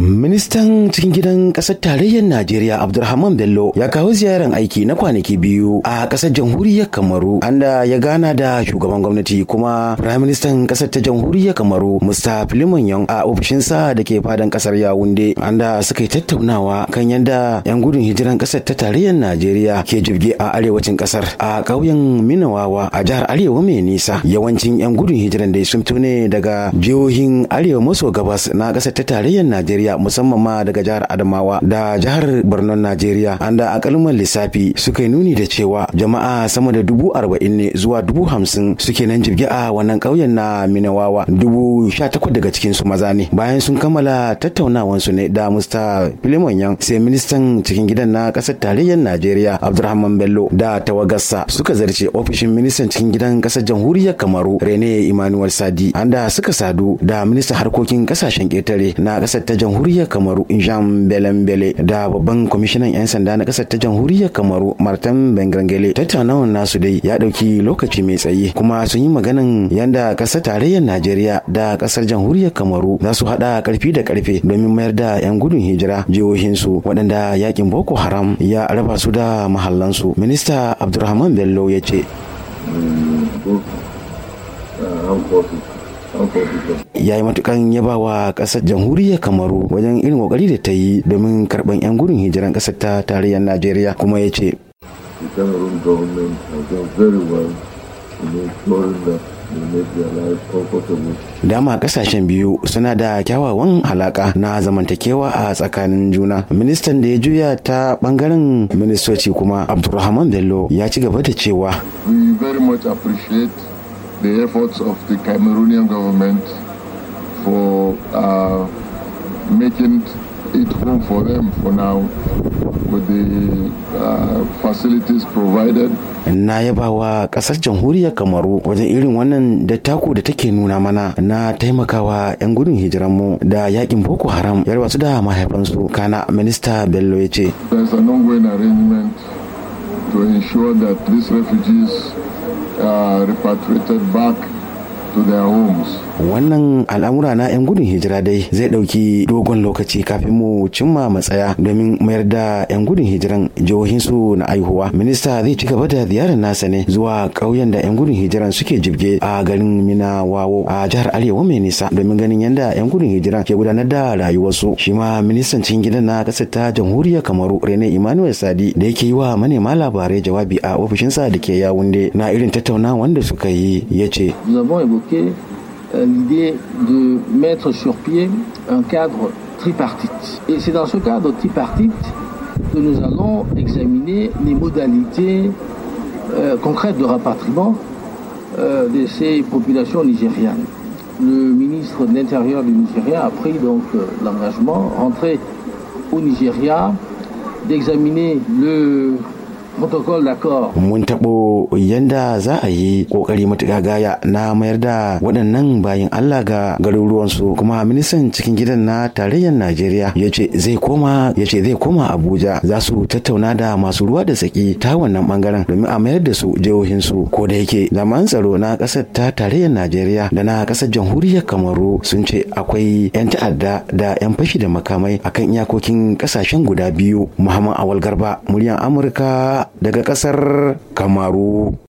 Ministan cikin gidan ƙasar tarayyar Najeriya Abdulrahman Bello ya kawo ziyarar aiki na kwanaki biyu a ƙasar jamhuriyar Kamaru anda ya gana da shugaban gwamnati kuma Prime Minister ƙasar ta jamhuriyar Kamaru Mr. Filimon Yong a ofishinsa da ke fadan ƙasar yawunde anda suka yi tattaunawa kan yadda 'yan gudun hijiran ƙasar ta tarayyar Najeriya ke jirge a arewacin ƙasar a ƙauyen Minawawa a jihar Arewa mai nisa yawancin 'yan gudun hijiran da sun daga jihohin arewa maso gabas na ƙasar ta tarayyar Najeriya Najeriya musamman ma daga jihar Adamawa da jihar Borno Najeriya an da akalman lissafi suka yi nuni da cewa jama'a sama da dubu arba'in ne zuwa dubu hamsin suke nan jirgi a wannan ƙauyen na Minawawa dubu sha takwas daga cikin su maza ne bayan sun kammala su ne da musta Filimon Yan sai ministan cikin gidan na ƙasar tarayyar Najeriya Abdulrahman Bello da tawagarsa suka zarce ofishin ministan cikin gidan ƙasar jamhuriyar Kamaru Rene Emmanuel Sadi an da suka sadu da ministan harkokin kasashen ƙetare na ƙasar ta jamhuriyar jamhuriyar kamaru jean belembele da babban kwamishinan 'yan sanda na kasar ta jamhuriyar kamaru martin bengrangele tattaunawar nasu dai ya ɗauki lokaci mai tsayi kuma sun yi maganin yanda kasar tarayyar najeriya da kasar jamhuriyar kamaru za su haɗa karfi da karfe domin mayar da 'yan gudun hijira jihohinsu waɗanda yakin boko haram ya raba su da mahallansu minista abdulrahman bello ya ce hmm, Yayi yi matukan yaba wa kasar jamhuriyar kamaru wajen irin kokari da ta yi domin karban 'yan gudun hijiran kasar ta tarayyar najeriya kuma ya ce dama kasashen biyu suna da kyawawan alaka na zamantakewa a tsakanin juna ministan da ya juya ta bangaren ministoci kuma abdulrahman bello ya ci gaba da cewa we very much appreciate the efforts of the Cameroonian government for uh, making it home for them for now with the uh, facilities provided. Na yaba wa kasar jamhuriyar Kamaru wajen irin wannan da taku da take nuna mana na taimakawa 'yan gudun hijiran mu da yakin Boko Haram yar wasu da mahaifansu kana minista Bello ya ce. There's an ongoing arrangement to ensure that these refugees Uh, repatriated back Wannan al'amura na 'yan gudun hijira dai zai ɗauki dogon lokaci kafin mu cimma matsaya domin mayar da 'yan gudun hijiran jihohin su na aihuwa. Minista zai ci gaba da ziyarar nasa ne zuwa ƙauyen da 'yan gudun hijiran suke jibge a garin mina, wawo a jihar Arewa mai nisa domin ganin yadda 'yan gudun hijiran ke gudanar da rayuwarsu. Shi ma ministan cikin gidan na ƙasar ta jamhuriyar Kamaru Rene Emmanuel Sadi da yake yi wa manema labarai jawabi a ofishinsa da ke Yawunde na irin tattaunawa wanda suka yi ya ce. Euh, l'idée de mettre sur pied un cadre tripartite. Et c'est dans ce cadre tripartite que nous allons examiner les modalités euh, concrètes de rapatriement euh, de ces populations nigériennes. Le ministre de l'Intérieur du Nigeria a pris donc l'engagement, rentré au Nigeria, d'examiner le mun taɓo yanda za a yi ƙoƙari matuƙa gaya na mayar da waɗannan bayin Allah ga su. kuma ministan cikin gidan na tarayyar Najeriya ya ce zai koma ya zai koma Abuja za su tattauna da masu ruwa da saki ta wannan bangaren domin a mayar da su jihohinsu ko da yake zaman tsaro na ƙasar ta tarayyar Najeriya da na ƙasar jamhuriyar Kamaru sun ce akwai 'yan ta'adda da 'yan fashi da makamai akan iyakokin ƙasashen guda biyu Muhammad Awal Garba muryar Amurka daga ƙasar kamaru